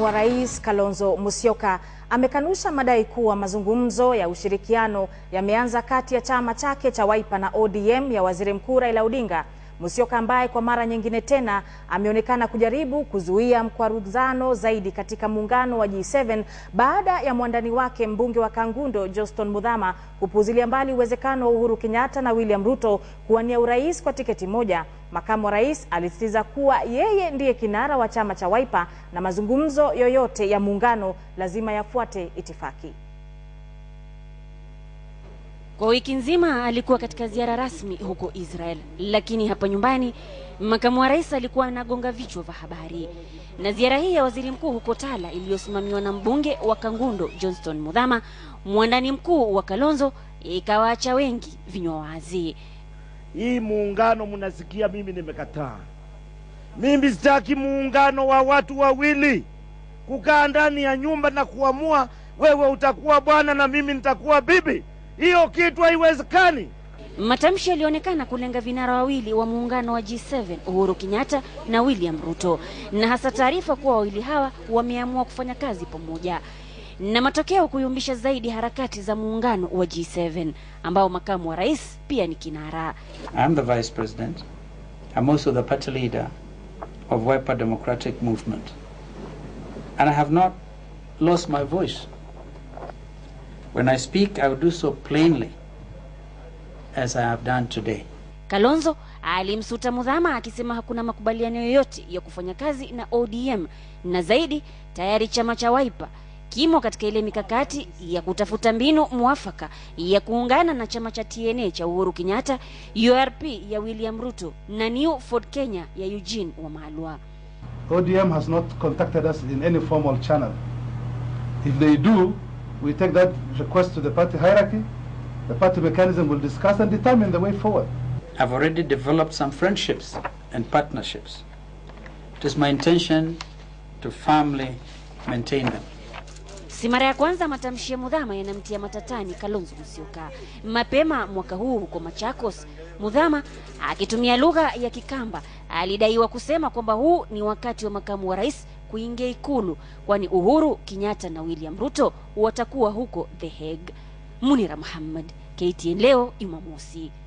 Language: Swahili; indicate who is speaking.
Speaker 1: Makamu wa Rais Kalonzo Musyoka amekanusha madai kuwa mazungumzo ya ushirikiano yameanza kati ya chama chake cha Wiper na ODM ya Waziri Mkuu Raila Odinga Musyoka ambaye kwa mara nyingine tena ameonekana kujaribu kuzuia mkwaruzano zaidi katika muungano wa G7 baada ya mwandani wake mbunge wa Kangundo Johnston Muthama kupuuzilia mbali uwezekano wa Uhuru Kenyatta na William Ruto kuwania urais kwa tiketi moja. Makamu wa rais alisisitiza kuwa yeye ndiye kinara wa chama cha Wiper na mazungumzo yoyote ya muungano lazima yafuate itifaki.
Speaker 2: Kwa wiki nzima alikuwa katika ziara rasmi huko Israel, lakini hapa nyumbani makamu wa rais alikuwa anagonga vichwa vya habari. Na ziara hii ya waziri mkuu huko Tala iliyosimamiwa na mbunge wa Kangundo Johnston Mudhama, mwandani mkuu wa Kalonzo, ikawaacha wengi vinywa wazi.
Speaker 3: Hii muungano mnasikia, mimi nimekataa. Mimi sitaki muungano wa watu wawili kukaa ndani ya nyumba na kuamua, wewe utakuwa bwana na mimi nitakuwa bibi. Hiyo kitu haiwezekani.
Speaker 2: Matamshi yalionekana kulenga vinara wawili wa muungano wa G7 Uhuru Kenyatta na William Ruto, na hasa taarifa kuwa wawili hawa wameamua kufanya kazi pamoja na matokeo kuyumbisha zaidi harakati za muungano wa G7 ambao makamu wa rais pia ni kinara.
Speaker 4: I'm the vice president. I'm also the party leader of Wiper Democratic Movement. And I have not lost my voice. When I speak, I will do so plainly as I have done today.
Speaker 1: Kalonzo alimsuta Mudhama akisema hakuna makubaliano yoyote ya kufanya kazi na ODM na zaidi tayari chama cha Wiper kimo katika ile mikakati ya kutafuta mbinu mwafaka ya kuungana na chama cha TNA cha Uhuru Kenyatta, URP ya William Ruto na New Ford Kenya ya Eugene Wamalwa.
Speaker 5: ODM has not contacted us in any formal channel. If they do, we take that request to the party hierarchy. The party mechanism will discuss and determine the way forward.
Speaker 4: I've already developed some friendships and partnerships. It is my intention to firmly maintain them.
Speaker 1: Si mara ya kwanza matamshi ya Mudhama yanamtia matatani Kalonzo Musyoka. Mapema mwaka huu huko Machakos, Mudhama akitumia lugha ya Kikamba alidaiwa kusema kwamba huu ni wakati wa makamu wa rais kuingia Ikulu, kwani Uhuru kinyatta na William Ruto watakuwa huko The Hague. Munira Muhammad, KTN leo Jumamosi.